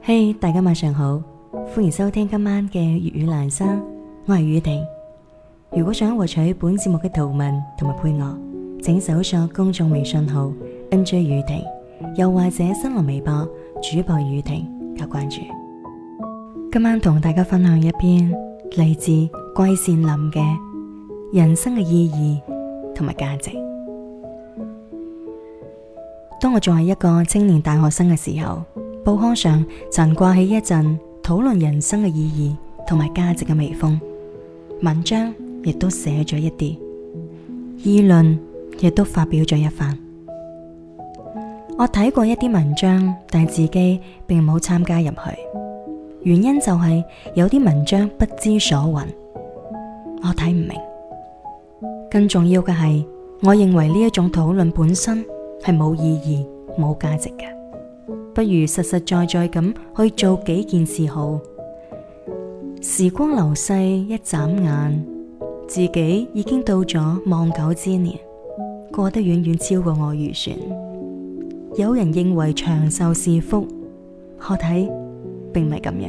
嘿，hey, 大家晚上好，歡迎收聽今晚嘅粵語欄山，我係宇婷。如果想獲取本節目嘅圖文同埋配樂，請搜索公眾微信號 NJ 宇婷，又或者新浪微博主播宇婷，加關注。今晚同大家分享一篇嚟自季羨林嘅人生嘅意義同埋價值。當我仲係一個青年大學生嘅時候，報刊上曾刮起一陣討論人生嘅意義同埋價值嘅微風，文章亦都寫咗一啲，議論亦都發表咗一番。我睇過一啲文章，但自己並冇參加入去，原因就係有啲文章不知所雲，我睇唔明。更重要嘅係，我認為呢一種討論本身係冇意義、冇價值嘅。不如實實在在咁去做幾件事好。時光流逝，一眨眼，自己已經到咗望九之年，過得遠遠超過我預算。有人認為長壽是福，我睇並唔係咁樣。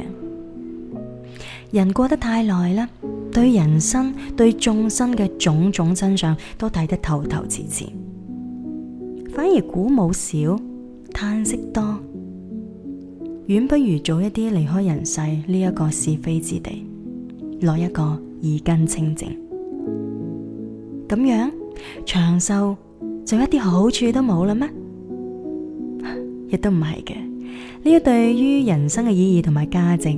人過得太耐啦，對人生、對眾生嘅種種真相都睇得透透徹徹，反而鼓舞少，嘆息多。遠不如早一啲離開人世呢一個是非之地，落一個耳根清淨。咁樣長壽，就一啲好處都冇啦咩？亦都唔係嘅，呢一對於人生嘅意義同埋價值，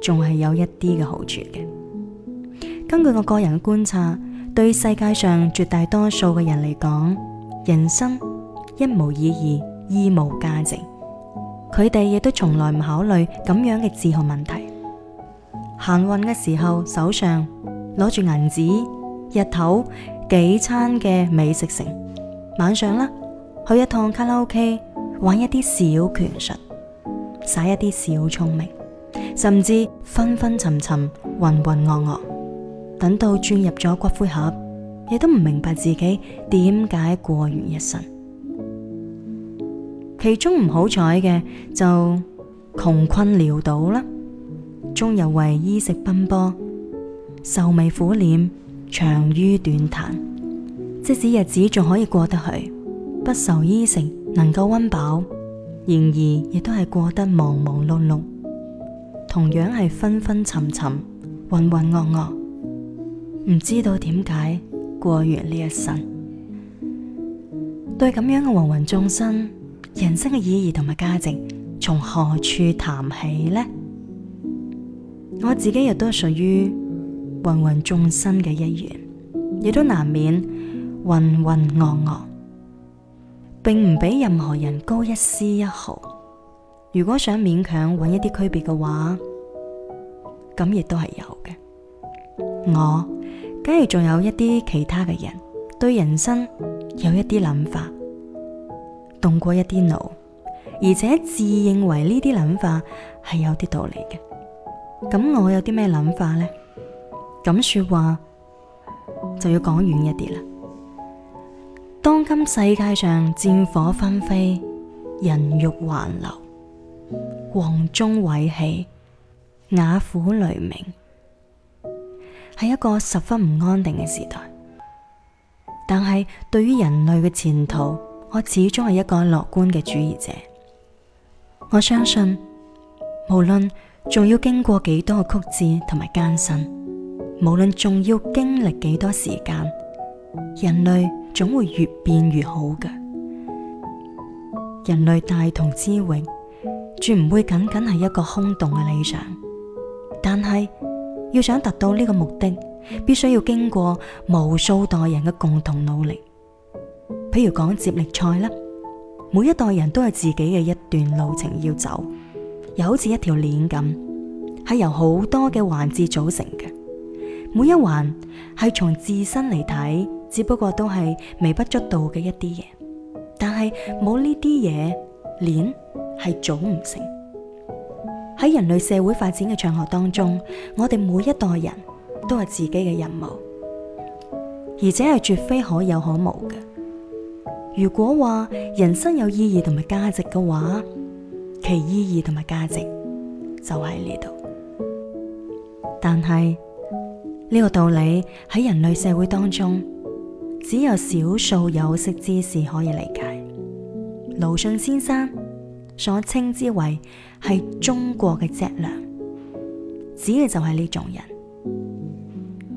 仲係有一啲嘅好處嘅。根據我個人嘅觀察，對世界上絕大多數嘅人嚟講，人生一無意義，二無價值。佢哋亦都從來唔考慮咁樣嘅哲學問題。行運嘅時候，手上攞住銀紙，日頭幾餐嘅美食城，晚上啦去一趟卡拉 OK，玩一啲小權術，耍一啲小聰明，甚至昏昏沉沉、渾渾噩噩，等到鑽入咗骨灰盒，亦都唔明白自己點解過完一生。其中唔好彩嘅就窮困潦倒啦，終日為衣食奔波，愁眉苦臉，長吁短嘆。即使日子仲可以過得去，不愁衣食，能夠溫飽，然而亦都係過得忙忙碌碌，同樣係昏昏沉沉，渾渾噩噩，唔知道點解過完呢一生，對咁樣嘅芸芸眾生，人生嘅意義同埋價值從何處談起呢？我自己亦都屬於芸芸眾生嘅一員，亦都難免渾渾噩噩，並唔比任何人高一絲一毫。如果想勉強搵一啲區別嘅話，咁亦都係有嘅。我，假如仲有一啲其他嘅人，對人生有一啲諗法。動過一啲腦，而且自認為呢啲諗法係有啲道理嘅。咁我有啲咩諗法呢？咁說話就要講遠一啲啦。當今世界上戰火紛飛，人欲橫流，黃鐘毀棄，瓦釜雷鳴，係一個十分唔安定嘅時代。但係，對於人類嘅前途，我始終係一個樂觀嘅主義者，我相信無論仲要經過幾多曲折同埋艱辛，無論仲要經歷幾多時間，人類總會越變越好嘅。人類大同之榮，絕唔會僅僅係一個空洞嘅理想。但係要想達到呢個目的，必須要經過無數代人嘅共同努力。譬如講接力賽啦，每一代人都係自己嘅一段路程要走，又好似一條鏈咁，係由好多嘅環節組成嘅。每一環係從自身嚟睇，只不過都係微不足道嘅一啲嘢，但係冇呢啲嘢，鏈係組唔成。喺人類社會發展嘅長河當中，我哋每一代人都係自己嘅任務，而且係絕非可有可無嘅。如果話人生有意義同埋價值嘅話，其意義同埋價值就喺呢度。但係呢個道理喺人類社會當中，只有少數有識之士可以理解。魯迅先生所稱之為係中國嘅脊樑，指嘅就係呢種人。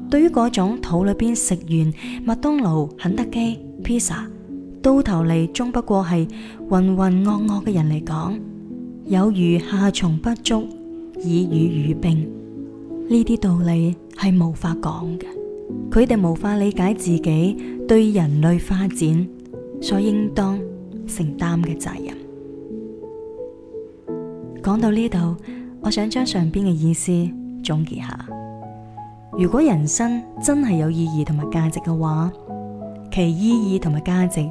對於嗰種肚裏邊食完麥當勞、肯德基、披薩，到頭嚟，終不過係渾渾噩噩嘅人嚟講，有如夏蟲不足以與語冰。呢啲道理係無法講嘅，佢哋無法理解自己對人類發展所應當承擔嘅責任。講到呢度，我想將上邊嘅意思總結下。如果人生真係有意義同埋價值嘅話，其意義同埋價值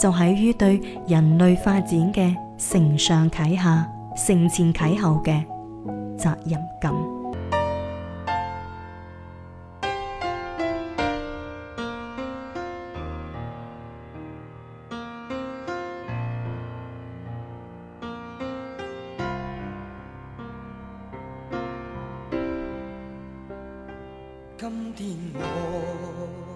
就喺、是、於對人類發展嘅承上啟下、承前啟後嘅責任感。今天我。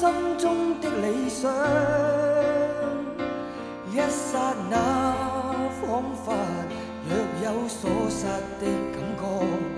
心中的理想，一刹那恍惚若有所失的感覺。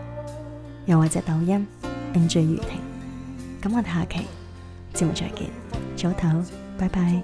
又或者抖音，NJ 宇婷。咁我哋下期節目再見，早唞，拜拜。